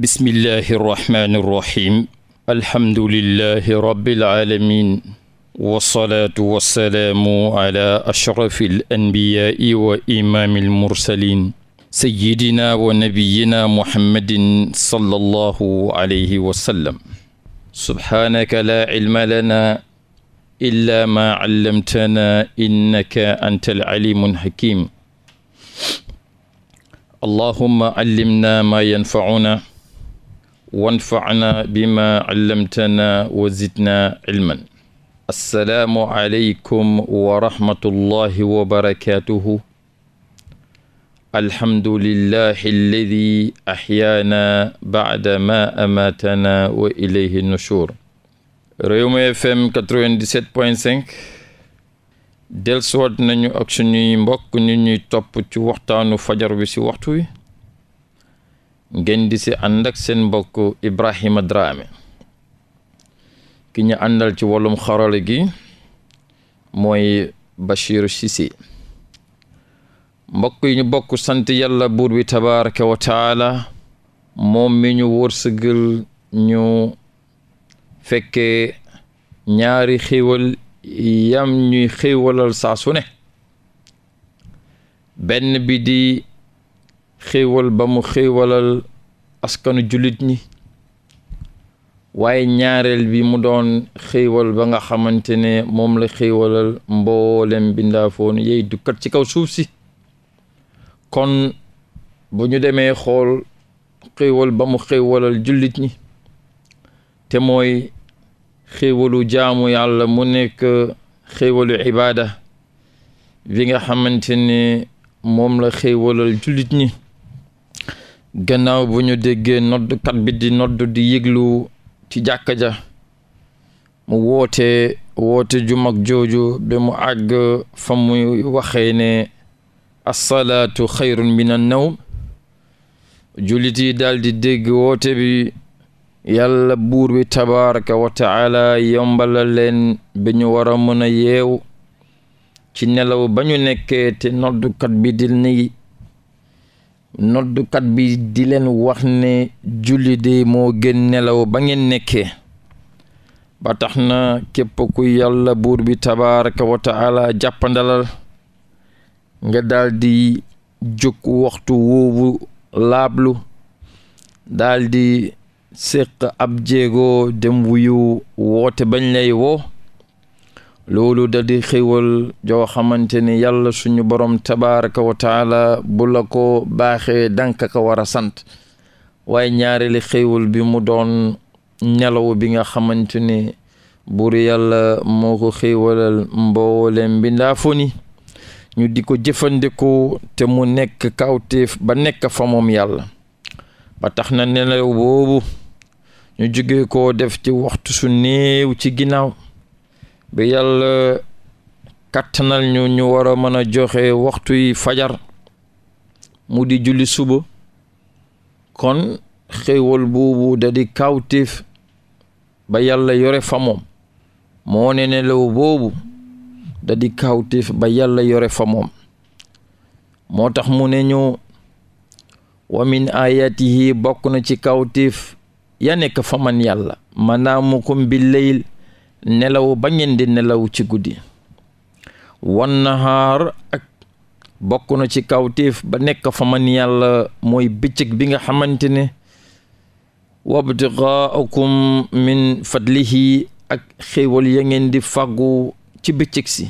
bismillahi irrahmani irrahim alhamdulillahi rabbil alamin wasalaatu wasalaamu ala ashrafi al anbiyaai wa imaami almursalin sayidina wa nabiyina muhammadin sallallahu alayhi wa sallam subhaanaka laa cilma lanaa illaa maa callamtanaa innaka anta alcaliimu alxakiim allahumma callimnaa maa yanfacunaa wanfacnaa bimaa callamtanaa wa zidnaa cilman assalaamu aleykum wa rahmatullahi wa barakaatuhu alhamdulillahi alladi axyaanaa bacda maa amaatanaa wa ilayhi nushuur Rewmi FM 97.5 dellusiwaat nañu ak suñuy mbokk ñu ñuy topp ci waxtaanu fajar bi ci waxtu wi ngeen di si ànd seen mbokk Ibrahima Drame ki ñu àndal ci wàllum xarala gi mooy Bachir Cissé mbokk yi ñu bokk sant yàlla buur bi tabaraka wa moom mi ñu wërsëgal ñu fekkee ñaari xéewal yam ñuy xéewalal saa benn bi xéewal ba mu askanu jullit ñi waaye ñaareel bi mu doon xéewal ba nga xamante ne moom la xéewalal mboolem bindaafoon yey dukkat ci kaw suuf si kon bu ñu demee xool xéewal bamu mu xéewalal jullit ñi te mooy xéewalu jaamu yàlla mu nekk xéewalu ibaada bi nga xamante ne moom la xéewalal jullit ñi gannaaw bu ñu déggee noddkat bi di nodd di yëglu ci jàkka ja mu woote woote ju mag jooju ba mu àgg fa muy waxee ne assalaatu xayrun min an nawm jullit yi daal dégg woote bi yàlla buur bi tabaraka wa taala yombala leen bi ñu war a mën a yeew ci nelaw ba ñu nekkee te noddukat bi di ni noddukat bi di leen wax ne julli de moo gën nelaw ba ngeen nekkee ba tax na képp ku yalla buur bi tabaraka wa jàppandalal nga daldi jóg waxtu woowu laablu daldi séq ab jéego dem wuyu woote bañ lay woo loolu da di xéwal joo xamante ni yàlla suñu borom tabaraka wa taala bu la ko baaxee dank ka war a sant waaye ñaareeli xéwal bi mu doon ñelaw bi nga xamante ni buur yàlla moo ko xéwalal mbooleem ni ñu di ko jëfandikoo te mu nekk kawteef ba nekk fa moom yàlla ba tax na nelaw boobu ñu jóge ko def ci waxtu su néew ci ginnaaw bi yàlla kàttanal ñu ñu war a mën a joxe waxtuy fajar mu di julli suba kon xéewal boobu da di ba yàlla yore fa moom moo ne ne law boobu da di ba yàlla yore fa moom moo tax mu ne ñu wa min yi bokk na ci kawtiif ya nekk fa man yàlla manaamukum bil leyl nelaw ba ngeen di nelaw ci guddi wan nahaar ak bokk na ci kawtéef ba nekk fa man yàlla mooy bëccëg bi nga xamante ne wabtiqaakum min fadlihi ak xéewal ya ngeen di fàggu ci bëccëg si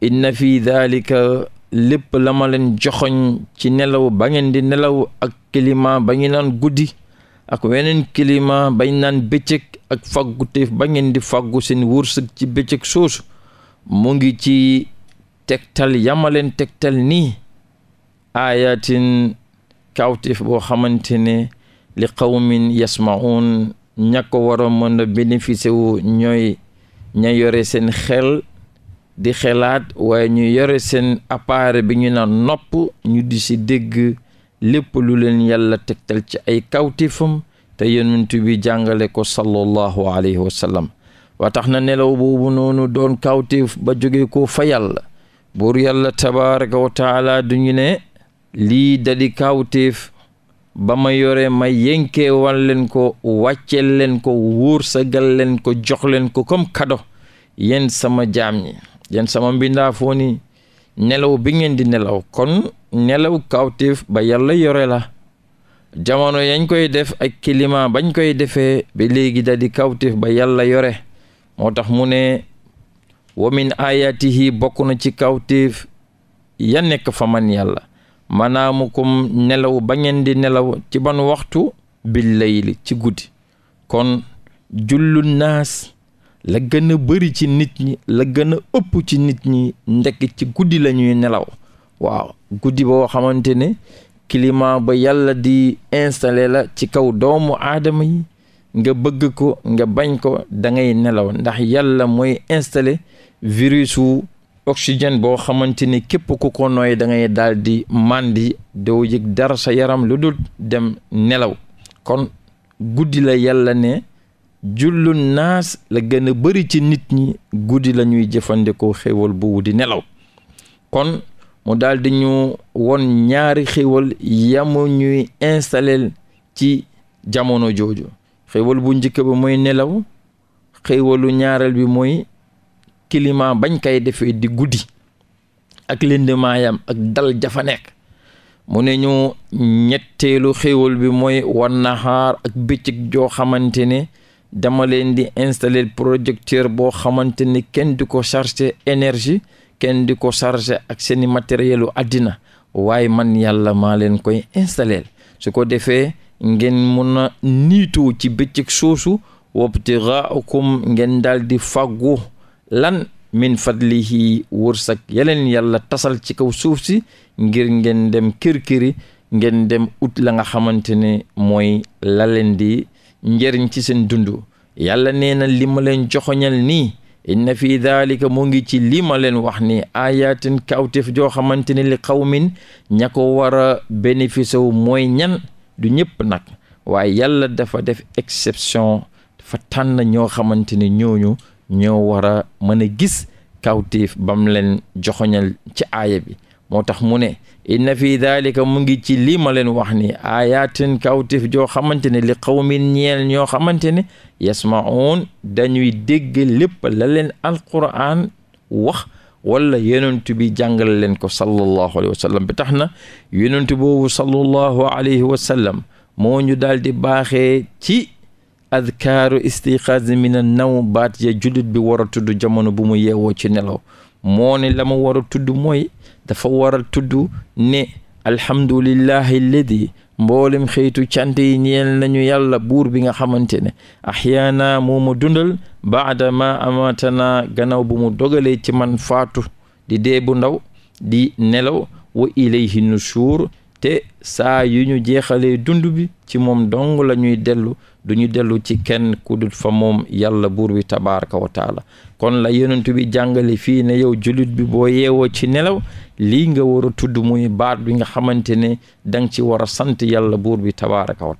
inna fi daalika lépp la ma leen joxoñ ci nelaw ba ngeen di nelaw ak climat ba ñu naan guddi ak weneen climat bañ naan bëccëg ak fàgguteef ba ngeen di faggu seen wërsëg ci bëccëg soosu mu ngi ci tegtal yamaleen tegtal nii aayatin kawteef boo xamante ne li qawmin yasmaun ña ko war mën a bénéficier wu ñooy ña yore seen xel di xelaat waaye ñu yore seen appareil bi ñu naan nopp ñu di si dégg lépp lu leen yàlla tegtal ci ay kawteefam te yonent bi jàngale ko sallallahu alayhi wa sallam wa tax na nelaw boobu noonu doon kawteef ba jóge ko fa yàlla buur yàlla tabaraka wa taala duñu ne lii dadi kawteef ba ma yore ma yenkee wan leen ko wàcceel leen ko wóor sagal leen ko jox leen ko comme kado yéen sama jaam ñi yéen sama mbindaa foo ni nelaw bi ngeen di nelaw kon nelaw kawteef ba yàlla yore la jamono yañ koy def ak climat bañ koy defee bi léegi da di kawtif ba yàlla yore moo tax mu ne wa min ayatihi bokk na ci kawtif ya nekk fa man yàlla manaamukum nelaw ba ngeen di nelaw ci ban waxtu bil layli ci guddi kon jullu naas la gën a ci nit ñi la gën a ëpp ci nit ñi ndekk ci guddi lañuy ñuy nelaw waaw guddi boo xamante ne climat ba yàlla di installé la ci kaw doomu aadama yi nga bëgg ko nga bañ ko dangay nelaw ndax yàlla mooy installé virusu oxygène boo xamante ni képp ku ko nooy da ngay daal di màndi doo yëg dara sa yaram lu dul dem nelaw kon guddi la yàlla ne jullu naas la gën a bëri ci nit ñi guddi lañuy jëfandikoo xéwal bu di nelaw mu daal di ñu won ñaari xéwal yamu ñuy installeel ci jamono jooju xéwal bu njëkk ba mooy nelaw xéwalu ñaareel bi mooy climat bañ kay defee di guddi ak lëndëmaayam ak dal jafa nekk mu ne ñu ñetteelu xéwal bi mooy wan naxaar ak bëccëg joo xamante ne dama leen di installer projecteur boo xamante ne kenn di ko chargé énergie kenn di ko chargé ak seeni matériel u àddina waaye man yàlla maa leen koy installeel su ko defee ngeen mun na niitoo ci bëccëg soosu wabtigaakum ngeen daal di fàggu lan min fadlihi wursak yeleen yàlla tasal ci kaw suuf si ngir ngeen dem kër-këri ngeen dem ut la nga xamante ne mooy la leen di njëriñ ci seen dund yàlla nee na li joxoñal nii inna fi daalika mu ngi ci lii ma leen wax ni ayatin kawtif joo xamante ne li xawmin ña ko war a bénéfice wu mooy ñan du ñëpp nag waaye yàlla dafa def exception dafa tànn ñoo xamante ne ñooñu ñoo war a mën a gis kawtif bam leen joxoñal ci aaya bi moo tax mu ne inna fi daalika mu ngi ci lii ma leen wax ni ayatin kawtif joo xamante ne li qawmin ñeel ñoo xamante ne yasmaun dañuy dégg lépp la leen alquran wax wala yonent bi jàngal leen ko sallallahu alayhi wa bi tax na yonent boobu sallallahu alayhi wa sallam moo ñu daal di baaxee ci adkaaru istiqaaz min an naw baat ya jullit bi war a tudd jamono bu mu yeewoo ci nelaw moo ne la mu war a tudd mooy dafa waral a tudd ne alhamdulillahi lladi mboolem xeetu cant yi ñeel nañu yàlla buur bi nga xamante ne axyaana moo ma dundal baada ma amatana gannaaw bu mu dogalee ci man faatu di dee bu ndaw di nelaw wa ilayhi suur te saa yu ñu jeexalee dund bi ci moom dong la ñuy dellu duñu dellu ci kenn ku dul fa moom yàlla buur bi tabaraka wa taala kon la yonent bi jàngale fii ne yow julit bi boo yeewoo ci nelaw lii nga war a tudd muy baat bi nga xamante ne da ci war a sant yàlla buur bi tabaraka wa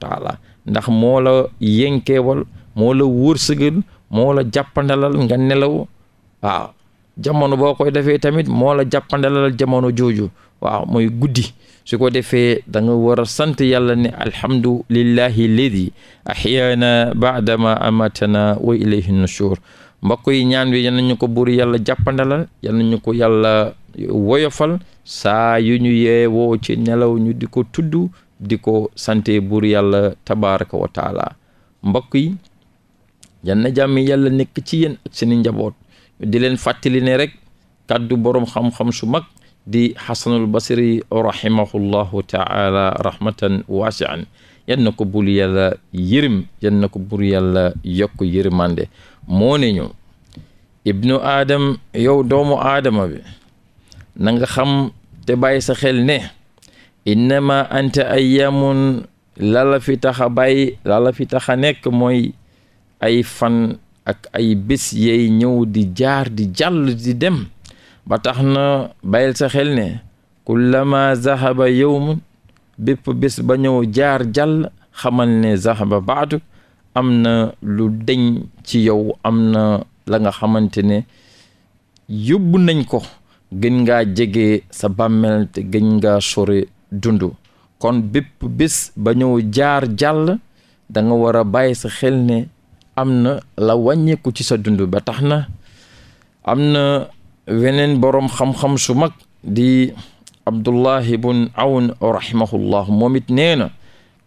ndax moo la yénkeewal moo la wërsëgal moo la jàppandalal nga nelaw jamono boo koy defee tamit moola la jàppandalal jamono jooju waaw guddi su ko defee danga nga war a sant yàlla ne alhamdulillahi ledi ahyana baadama amatana wa ilayhi nushur mbokk yi ñaan bi yal ko buur yàlla jàppandalal yal ko yàlla woyofal saa yu ñu yeewoo ci nelaw ñu di ko tudd di ko sante buur yàlla tabaraka wa taala mbokk yi yann jàmmi yàlla nekk ci yéen ak seeni njaboot di leen fàttali ne rek kàddu boroom xam-xam su mag di xasanul basri rahimahullahu taala rahmatan waasian yan na ko buur yàlla yërëm yan ko buur yàlla yokk yërmande moo ñu ibnu aadam yow doomu aadama bi nanga xam te bàyyi sa xel ne innama anta ay yamun lala tax a nekk mooy ay fan ak ay bés yeey ñëw di jaar di jàll di dem ba tax na bàyyil sa xel ne kullama zahaba yowmun bépp bés ba ñëw jaar jàll xamal ne zahaba baatu am na lu deñ ci yow am na la nga xamante ne yóbbu nañ ko gën ngaa jege sa bàmmeel gën ngaa sori dund kon bépp bés ba ñëw jaar jàll danga nga war a bàyyi sa xel ne am na la wàññeeku ci sa dund ba tax na am na weneen boroom xam-xam su mag di abdullahi bun awn rahimahullah moom it nee na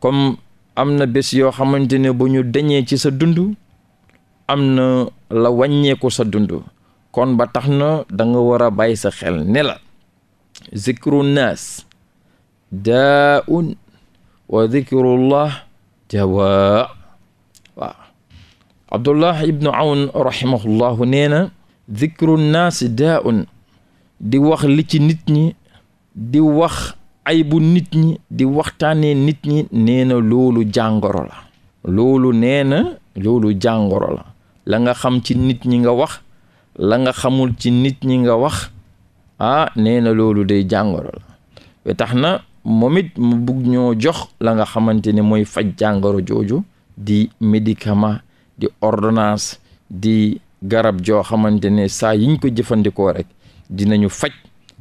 comme am na bés yoo xamante ne bu ñu dañee ci sa dund am na la wàññeeku sa dund kon ba tax na danga war a bay sa xel nela la zikru naas daa un wa zikrullah dawaa waaw abdullah ibnu awn rahimahullahu nee na zikru naas daa un di wax li ci nit ñi di wax ay nit ñi di waxtaanee nit ñi nee na loolu jàngoro la loolu nee na loolu jàngoro la la nga xam ci nit ñi nga wax la nga xamul ci nit ñi nga wax ah nee na loolu day jàngoro la ba tax na moom it mu bugg ñoo jox la nga xamante ne mooy faj jàngoro jooju di médicament di ordonnance di garab joo xamante ne saa yiñ ko jëfandikoo rek dinañu faj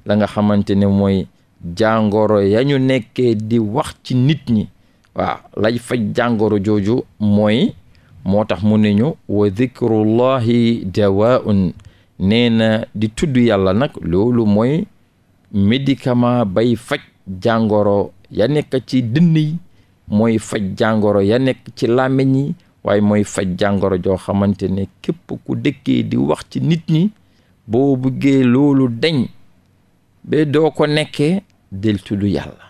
la nga xamante ne mooy jàngoro ya ñu nekkee di wax ci nit ñi waaw lay faj jàngoro jooju mooy moo tax mu ne ñu wa dikrullahi dawaun nee na di tudd yàlla nag loolu mooy médicament bay faj jàngoro ya nekk ci dënn yi mooy faj jàngoro ya nekk ci làmmiñ yi waaye mooy faj jàngoro joo xamante ne képp ku dëkkee di wax ci nit ñi boo bëggee loolu deñ ba doo ko nekkee del tudd yàlla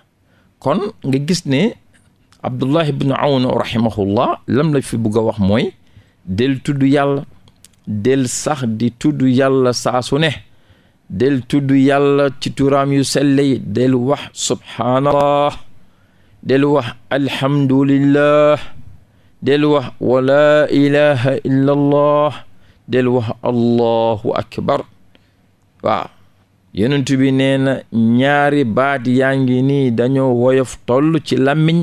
kon nga gis ne abdullah ibn awn rahimahullah lam la fi bugg a wax mooy del tudd yàlla del sax di tudd yàlla saa su ne del tudd yàlla ci turam yu sell yi del wax subhaanallah del wax alhamdulillah del wax wala ilaha illa wax allahu akbar waaw yonent bi ñaari baat yaa ngi nii dañoo woyof toll ci làmmiñ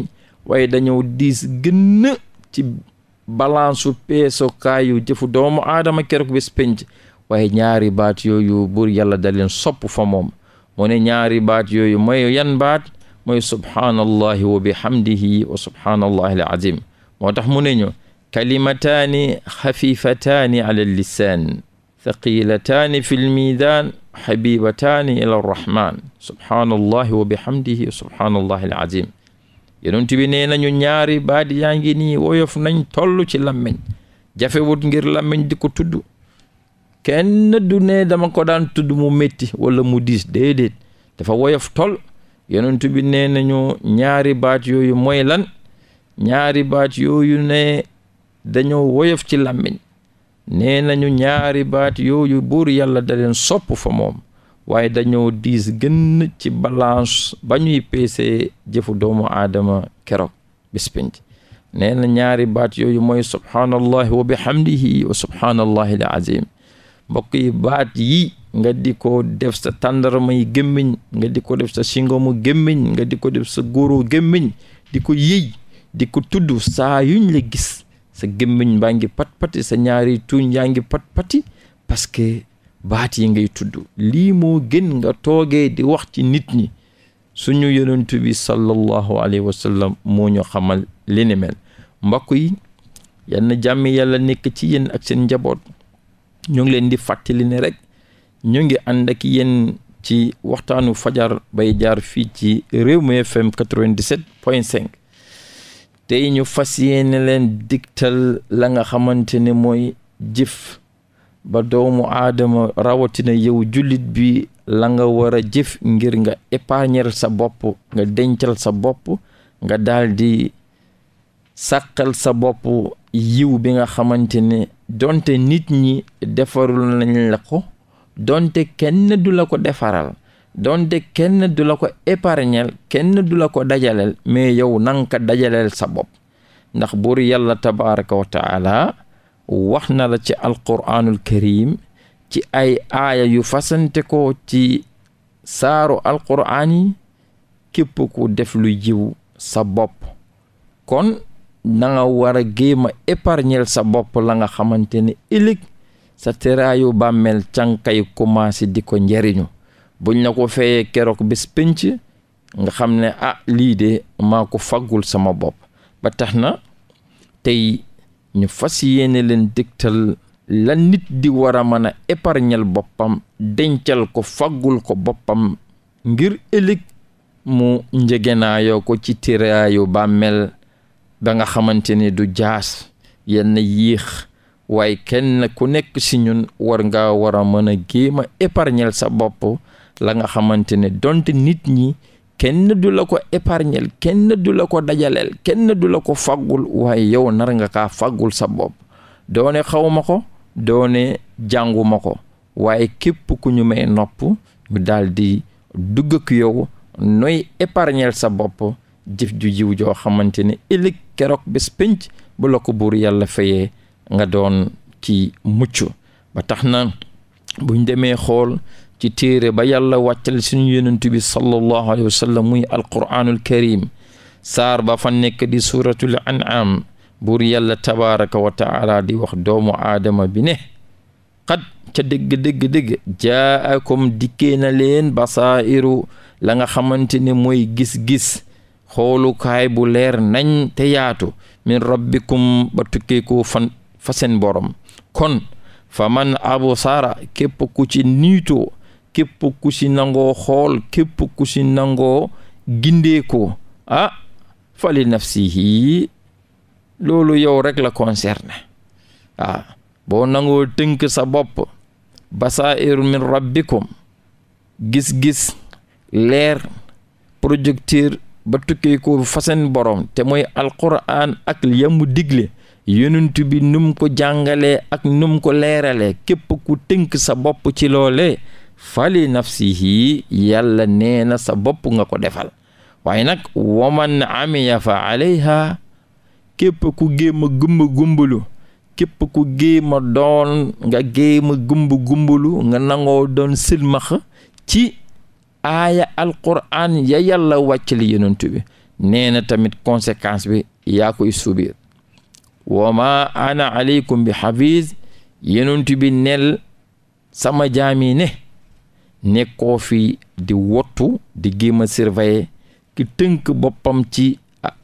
waaye dañoo diis gën ci balance su peesokaayu jëfu doomu aadama keroog bés penc waaye ñaari baat yooyu buur yàlla da leen sopp fa moom mu ne ñaari baat yooyu mooy yan baat mooy subhaanallahi wa bihamdihi wa subhaanallahi al azim moo tax mu ne ñu kalimataani xafifataani ala lisaan thaqilataani fi lmidan xabibataani ila arrahman subhaanallahi wa bihamdihi wa subhaanallahi al azim yonent bi nee nañu ñaari baat yaa ngi nii woyof nañ toll ci làmmiñ jafewut ngir làmmiñ di ko tudd kenn du ne dama ko daan tudd mu métti wala mu diis déedéet dafa woyof toll yonent bi nee nañu ñaari baat yooyu mooy lan ñaari baat yooyu ne dañoo woyof ci làmmiñ nee nañu ñaari baat yooyu buur yàlla da leen sopp fa moom waaye dañoo diis gën ci balance ba ñuy peesee jëfu doomu aadama keroog bis penc na ñaari baat yooyu mooy subhaanallahi wa bihamdihi wa subhaanallahi al azim mbokk yi baat yi nga ko def sa tàndarma yi gémmiñ nga di ko def sa singomu gémmiñ nga di ko def sa góoro gémmiñ di ko yëy di ko tudd saa yuñ la gis sa gémmiñ baa pat pati sa ñaari tuuñ yaa pat pati parce que baat yi ngay tudd lii moo gën nga toogee di wax ci nit ñi suñu yonent bi sallallahu alayhi wa moo ñu xamal li ni mel mbokk yi yenn jàmm yàlla nekk ci yéen ak seen njaboot ñoo ngi leen di fàttali ne rek ñu ngi ànd ak yéen ci waxtaanu fajar bay jaar fii ci réew Rewmi FM 97 point 5 tey ñu fas yéene leen digtal la nga xamante ne mooy jëf ba doomu aadama rawatina yow jullit bi la nga war a jëf ngir nga épargnel sa bopp nga dencal sa bopp nga daal di sàqal sa bopp yiw bi nga xamante ne donte nit ñi defarul nañ la ko donte kenn du la ko defaral donte kenn du la ko épargnel kenn du la ko dajaleel mais yow nanga ko dajaleel sa bopp ndax buur yàlla tabaraka wa taala wax na la ci alquraanul karim ci ay aaya yu fasante ko ci saaru alquraan yi képp ku def lu jiw sa bopp kon nanga war a géem a sa bopp la nga xamante ni ëllëg sa teraayu bàmmeel cànkay commencé di ko njariñu buñ na ko feyee keroog bés pénc nga xam ne ah lii de maa ko faggul sama bopp ba tax na tey ñu fas yéene leen dégtal la nit di war a mën a épargnel boppam dencal ko faggul ko boppam ngir ëllëg mu njegenaayoo ko ci tiraayu bàmmeel ba nga xamante ni du jaas yenn yiix waaye kenn ku nekk si ñun war nga war a mën a géem a épargnel sa bopp la nga xamante ne donte nit ñi kenn du la ko épargnel kenn du la ko dajaleel kenn du la ko faggul waaye yow nar nga kaa faggul sa bopp doone xawma ko doone jànguma ko waaye képp ku ñu may nopp ñu daldi di dugg ak yow nooy épargnel sa bopp jëf ju jiw joo xamante ne ëllëg keroog bés pénc bu la ko buur yàlla fayee nga doon ci mucc ba tax na buñ demee xool ci téere ba yàlla wàccal suñu yonent bi sallallahu alayhi wa sallam muy alquraanul karim saar ba fan nekk di suuratul an buur yàlla tabaaraka wa taala di wax doomu aadama bi ne xat ca dëgg-dëgg-dëgg jaakum dikkee na leen ba basaa'iru la nga xamante ne mooy gis-gis xoolukaay bu leer nañ te yaatu min rabbikum ba tukkee ko fan fa seen borom kon fa man abu saara képp ku ci képp ku si nangoo xool képp ku si nangoo gindeekoo ah fali nafsihi loolu yow rekk la concerné ah boo nangoo tënk sa bopp ba basairu min rabbikum gis-gis leer projecteur ba tukkee ko borom te mooy alquran ak yamu digle yonent bi num ko jàngalee ak num ko leeralee képp ku tënk sa bopp ci loole fali nafsihi yàlla nee na sa bopp nga ko defal waaye nag waman amiya fa alayha képp ku géem a gumba gumbalu ku géem doon nga géem a gumba nga nangoo doon silmax ci aaya alquran ya yàlla wàccali yonent bi nee tamit conséquence bi yaa koy subir wa ma ana aleykum bi xafiz yonent bi nel sama jaami ne nekkoo fi di wottu di géem a ki tënk boppam ci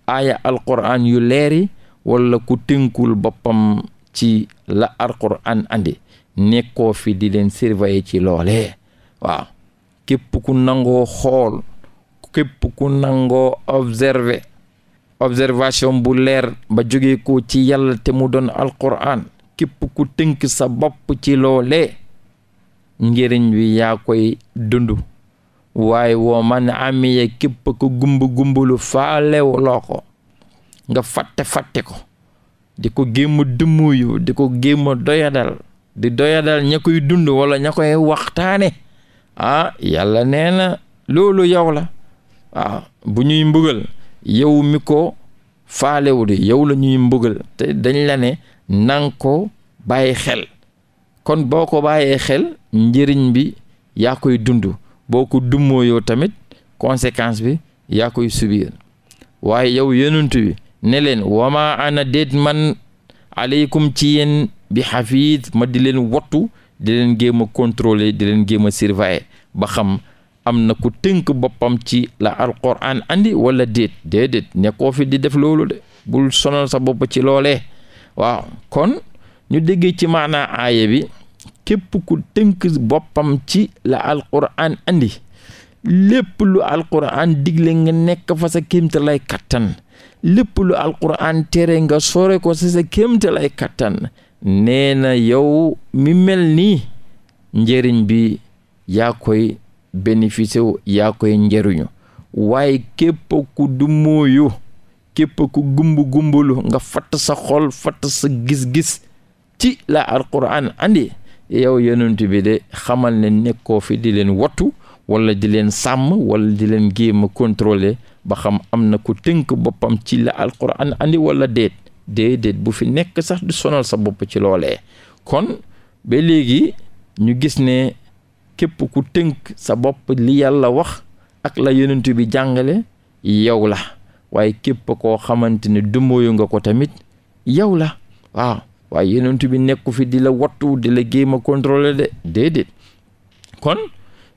aaya alquran yu leeri wala ku tënkul boppam ci la alquran andi nekkoo fi di leen surveiller ci loolee waaw képp ku nangoo xool képp ku nangoo observer observation bu leer ba jóge ko ci yàlla te mu doon alquran képp ku tënk sa bopp ci loole njëriñ wi yaa koy dund waaye woo man amiye képp ko gumbu gumbulu faalewloo ko nga fàtte-fàtte ko di ko gémm dumuyu di ko gémm doyadal di doyadal ña koy dund wala ña koy waxtaane ah yàlla nee na loolu yow la waaw ah, bu ñuy mbugal yow mi ko faalewu di yow la ñuy mbugal te dañ la ne nang ko bàyyi xel kon boo ko bàyyee xel njëriñ bi yaa koy dund boo ko dummooyoo tamit conséquence bi yaa koy subir waaye yow yonent wi ne leen wama ana déet man aleykum ci yéen bi xafiid ma di leen wattu di leen géem a contrôler di leen géem a surveiller ba xam am na ku tënk boppam ci la alquran andi walla déet déedéet nekkoo fi di def loolu de bul sonal sa bopp ci loolee waaw kon ñu dégge ci maanaa aaya bi képp ku tënk boppam ci la alquran andi lépp lu alquran digle nga nekk fa sa kéemta lay kattan lépp lu alquran tere nga sore ko sa sa kéemta kattan nee na yow mi mel nii njëriñ bi yaa koy bénéficié wu yaa koy njëriñu waaye képp ku du mooyu képp ku gumb gumbalu nga fatt sa xol fatt sa gis-gis ci la alquran andi yow yonent bi de xamal ne nekkoo fi di leen wattu wala di leen sàmm wala di leen géem a contrôler ba xam am na ku tënk boppam ci la alquran andi walla déet déedéet bu fi nekk sax du sonal sa bopp ci loolee kon ba léegi ñu gis ne képp ku tënk sa bopp li yàlla wax ak la yonent bi jàngale yow la waaye képp koo xamante ne dumóoyu nga ko tamit yow la waaw waaye yenentu bi nekku fi di la wattu di la géem a contrôler de déedéet kon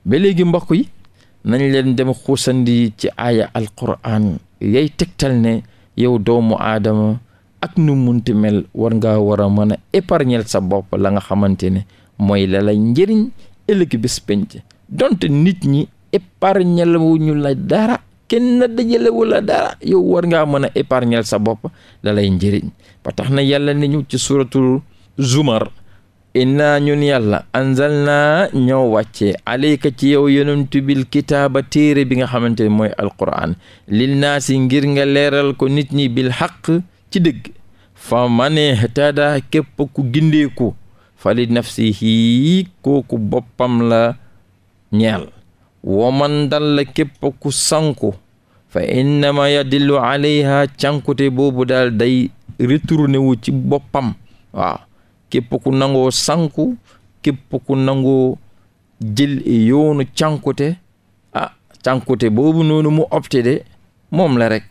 ba léegi mbokk yi nañ leen dem xuusandi ci aaya alquran yay tegtal ne yow doomu aadama ak nu munti mel war nga war a mën a épargnel sa bopp la nga xamante ne mooy la la njëriñ ëllëg bis penc donte nit ñi épargnel wu ñu la dara kenn dajalewu la dara yow war ngaa mën a épargnel sa bopp da lay njëriñ ba tax na yàlla ni ñu ci suratul zumar inna ñun yàlla anzalna ñoo wàccee alayka ci yow yonentu bil kitaaba téere bi nga xamante ne mooy alquran lil si ngir nga leeral ko nit ñi bil xaq ci dëgg fa mane tada képp ku gindeeku fali nafsihi kooku boppam la ñeel woman dalla képp ku sanku fa innama yadillu alayha cànkute boobu daal day retourné wu ci boppam waaw képp nangoo sanku képp ku nangoo jël yoonu cànkute ah cànkute boobu noonu mu opte de moom la rek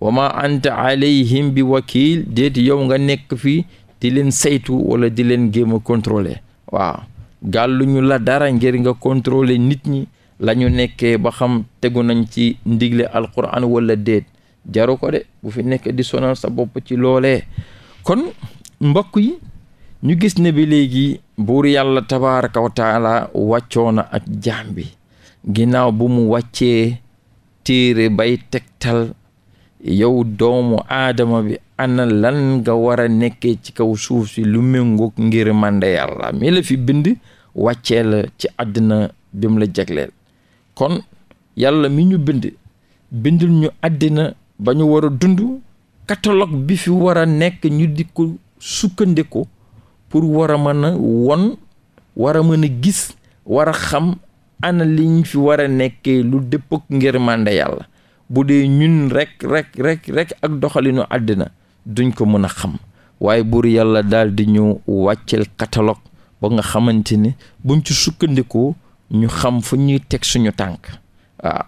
wama anta alayhim bi wakiil déet yow nga nekk fii di leen saytu wala di leen géem a contrôler waaw gàlluñu la dara ngir nga contrôler nit ñi lañu nekkee ba xam tegu nañ ci ndigle alquran wala déet jaru ko de bu fi nekk di sonal sa bopp ci loole kon mbokk yi ñu gis ne bi léegi buur yàlla tabaraka wa taala wàccoona ak jaam bi ginnaaw bu mu wàccee téere bay tegtal yow doomu aadama bi ana lan nga war a nekkee ci kaw suuf si lu méngoog ngir mànde yàlla mi la fi bind wàccee la ci àddina bi mu jagleel kon yàlla mi ñu bind bindul ñu àddina ba ñu war a dund catalogue bi fi war a nekk ñu di ko sukkandiku pour war a mën a won war a mën a gis war a xam ana liñ fi war a nekkee lu dëpp ak ngir mànde yàlla bu dee ñun rekk rek rekk rek ak doxalinu àddina duñ ko mën a xam waaye buur yàlla daal di ñu wàccel catalogue ba nga xamante ne buñ ci sukkandiku ñu xam fu ñuy teg suñu tànk waaw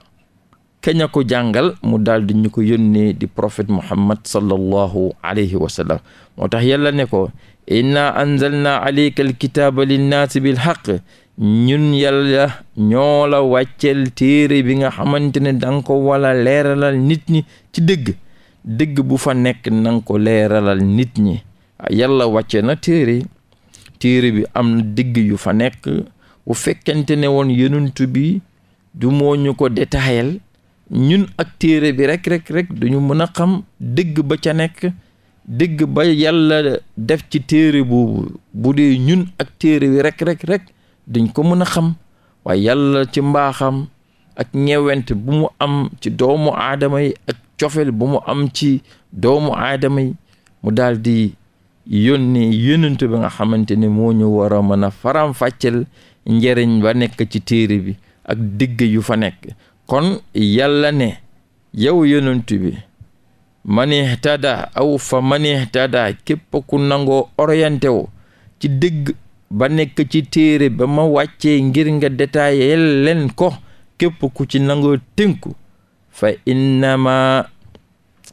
keñ a ko jàngal mu daldi ñu ko yónnee di prophète muhammad sallallahu alayhi wa sallam moo tax yàlla ne ko inna anzalna alayka alkitaaba linnaasi bil haqq ñun yàlla ñoola la wàccel téere bi nga xamante ne danga ko walla leeralal nit ñi ci dëgg dëgg bu fa nekk nang ko leeralal nit ñi yàlla wàcce na téere téere bi am na dëgg yu fa nekk bu fekkente ne woon yenuntu bi du moo ñu ko détaayal ñun ak téere bi rekk rekk rek duñu mën a xam dëgg ba ca nekk dëgg ba yàlla def ci téere boobu bu dee ñun ak téere bi rek rek rek duñ ko mën a xam waa yàlla ci mbaaxam ak ñewent bu mu am ci doomu aadama yi ak cofel bu mu am ci doomu aadama yi mu daal di ni yonent bi nga xamante ni moo ñu war a mën a faram njëriñ ba nekk ci téere bi ak digg yu fa nekk kon yàlla ne yow yonent bi man ihtada aw fa man ihtada képp ku nangoo orienté wu ci digg ba nekk ci téere ba ma wàccee ngir nga détaillé leen ko képp ku ci nangoo tënku fa innama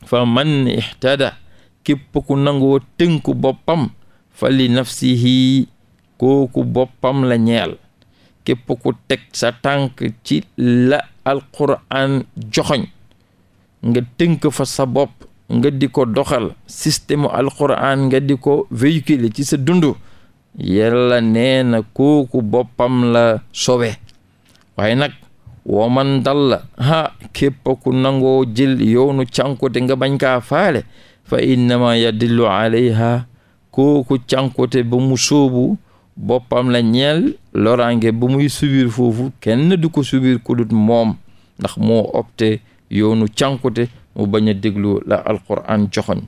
fa man ihtada képp ku nangoo tënku boppam fali li nafsihi kooku boppam la ñeel képp ku teg sa tànk ci la alquran joxoñ nga tënk fa sa bopp nga di ko doxal système alquran nga di ko véhiculer ci sa dund yàlla nee na kooku boppam la sobe waaye nag woo man dal la ha képp ku nangoo jël yoonu cànkute nga bañ ka faale fa innama yadillu alayha kooku cànkute ba mu sóobu boppam la ñeel loraange bu muy subir foofu kenn du ko subir ku dut moom ndax moo opte yoonu cànkute mu bañ a déglu la alquran joxoñ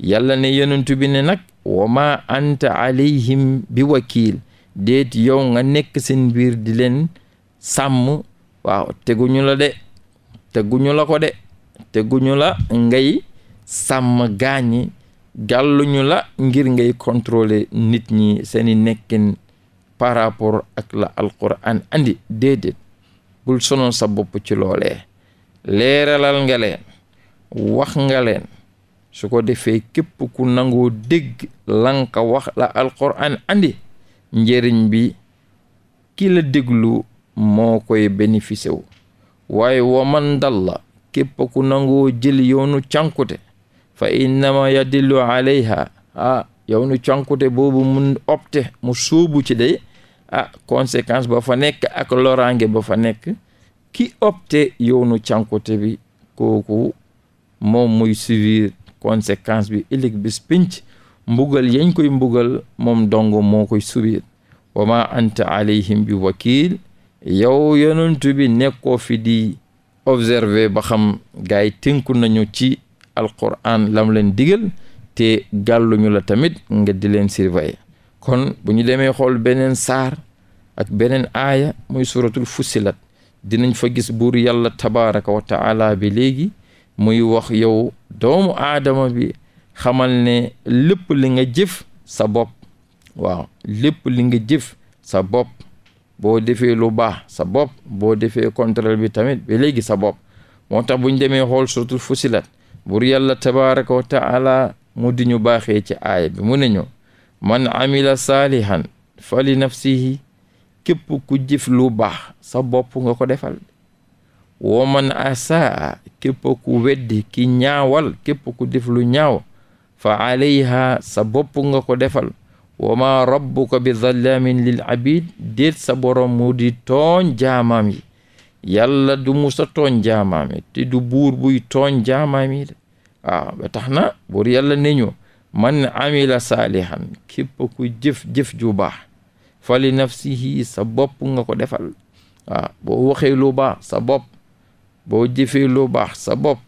yàlla ne yonentu bi ne nag wa ma anta alayhim bi wakiil déet yow nga nekk seen biir di leen sàmm waaw teguñu la de teguñu la ko de teguñu la ngay sàmm gaañi gàlluñu la ngir ngay contrôler nit ñi seeni nekkin par rapport ak la alquran andi déedéet bul sonal sa bopp ci loolee leeralal nga leen wax nga leen su ko defee képp ku nangoo dégg lanka wax la alquran andi njëriñ bi ki déglu moo koy bénéficié wu waaye waman dalla képp ku nangoo jël yoonu cànkute fa innama yadillu alayha ah yow nu conkute boobu mun opte mu suubu ci day ah conséquence ba fa nekk ak loraange ba fa nekk ki opte yow nu conkute bi kooku moom muy suivre conséquence bi illig bis pinc mbugal yañ koy mbugal moom dong moo koy subir wa ma anta alayhim bi wakiil yow yonent bi nekkoo fi di observer ba xam gaay tënku nañu ci alquran lam leen digal te gàlluñu la tamit nga di leen surveiller kon bu ñu demee xool beneen saar ak beneen aaya muy suratul fussilat dinañ fa gis buur yàlla tabaraka wa taala bi léegi muy wax yow doomu aadama bi xamal ne lépp li nga jëf sa bopp waaw lépp li nga jëf sa bopp boo defee lu baax sa bopp boo defee contrôle bi tamit ba léegi sa bopp moo tax bu ñu demee xool suratul fussilat buur yàlla tabaraka wa taala mu di ñu baaxee ci aaya bi mu ne ñu man amila saalihan fali nafsihi képp ku jëf lu baax sa bopp nga ko defal wo man asaa képp ku weddi ki ñaawal képp ku def lu ñaaw fa alayha sa bopp nga ko defal wa ma rabbuka bi zallamin lil abid déet sa borom mu di tooñ jaamam yi yàlla du musa tooñ jaamaam yi te du buur buy tooñ jaamaam yi de waaw ba tax na buur yàlla ne ñu man amila saalihan képp ku jëf-jëf ju baax fali nafsi nafsihi sa bopp nga ko defal waaw boo waxee lu baax sa bopp boo jëfee lu baax sa bopp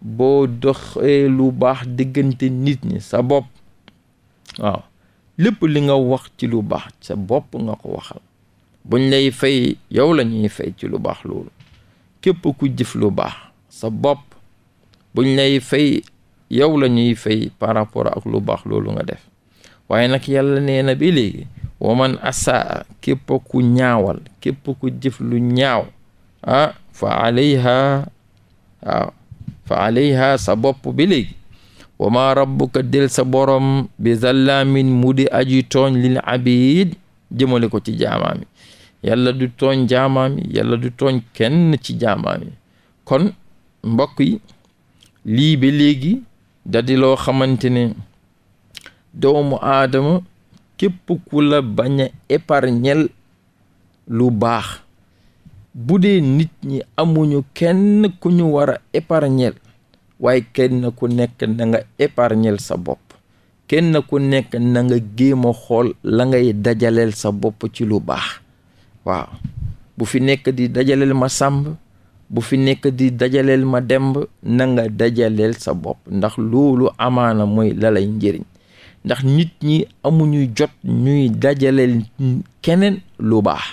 boo doxee lu baax diggante nit ñi sa bopp waaw lépp li nga wax ci lu baax sa bopp nga ko waxal buñ lay fay yow lañuy fay ci lu baax loolu képp ku jëf lu baax sa bopp buñ lay fay yow la ñuy fay par rapport ak lu baax loolu nga def waaye nag yàlla nee na bi léegi waman asaa képp ku ñaawal képp ku jëf lu ñaaw ah fa alayha sa bopp bi léegi wama rabbuka del sa borom bi zallamin mu di aji tooñ lil abid jëmale ko ci jaamaami yàlla du tooñ jaamaam yi yàlla du tooñ kenn ci jaamaam yi kon mbokk yi lii bi léegi da loo xamante ne doomu aadama képp ku la bañ a épargnel lu baax bu dee nit ñi amuñu kenn ku ñu war a épargnel waaye kenn ku nekk na nga épargnel sa bopp kenn ku nekk na nga géem xool la ngay dajaleel sa bopp ci lu baax waaw bu fi nekk di dajaleel ma sàmb bu fi nekk di dajaleel ma demb nanga nga dajaleel sa bopp ndax loolu amaana mooy la lay njëriñ ndax nit ñi amuñuy jot ñuy dajaleel keneen lu baax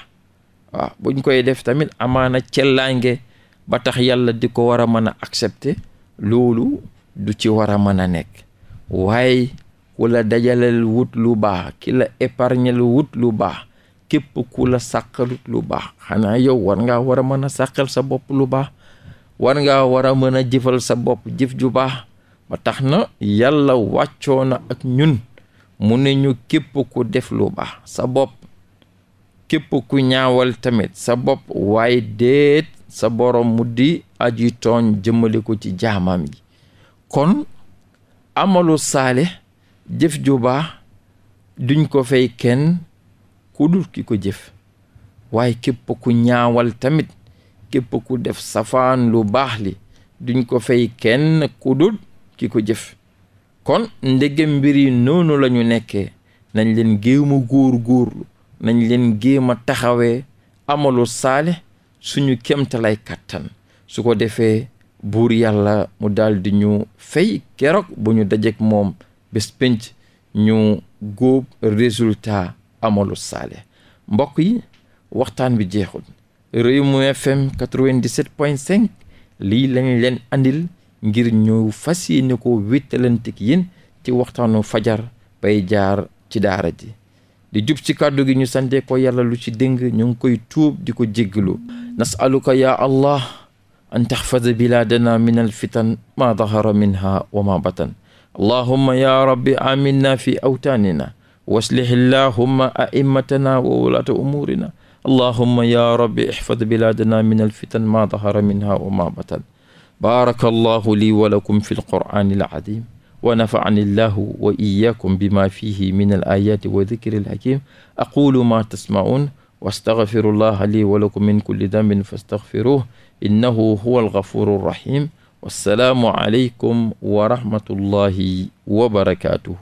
waaw buñ koy def tamit amaana cellange ba tax yàlla di ko war a mën a accepter loolu du ci war a mën a nekk waaye ku la dajaleel wut lu baax ki la épargnel wut lu baax képp ku la sàqalut lu baax xanaa yow war nga war a mën a sa bopp lu baax war nga wara mëna mën jëfal sa bopp jëf ju baax ba tax na yàlla wàccoo na ak ñun mu ne ñu képp ku def lu baax sa bopp képp ku ñaawal tamit sa bopp waaye déet sa boroom mu di aji tooñ jëmale ko ci jaamam yi kon amalu saale jëf ju baax duñ ko fay kenn ku dul ki ko jëf waaye képp ku ñaawal tamit képp ku def safaan lu baax li duñ ko fay kenn ku dul ki ko jëf kon ndegem mbir yi noonu lañu ñu nekkee nañ leen géem a góor góorlu nañ leen géem a taxawee amalu saale suñu kemtalay kàttan su ko defee buur yàlla mu daldi ñu fay keroog bu ñu dajeek moom bés pénc ñu góob résultat amalu saale mbokk yi waxtaan bi jeexul Rewmi FM 97.5 lii lañ leen andil ngir ñu fas yéene ko wéttalantik yéen ci waxtaanu fajar bay jaar ci daara ji di jub ci kàddu gi ñu sante ko yàlla lu ci déng ñu ngi koy tuub di ko jéggalu nasaluka ya allah an taxfada bilaadana min alfitan ma dahara minha wa ma batan allahumma ya rabbi aminna fi awtaanina waslih illahumma aimmatana wa wulaata umuurina allahumma ya rabbi ihfad bilaadana min alfitan ma dahara minha wa ma batan baaraka allahu lii wa lakum fi alqur'ani alazim wa nafa'ani allahu wa iyyakum bima fihi min alayati wa dhikri alhakim aqulu ma tasma'un واستغفر الله لي ولكم من كل ذنب فاستغفروه إنه هو الغفور الرحيم والسلام عليكم ورحمة الله وبركاته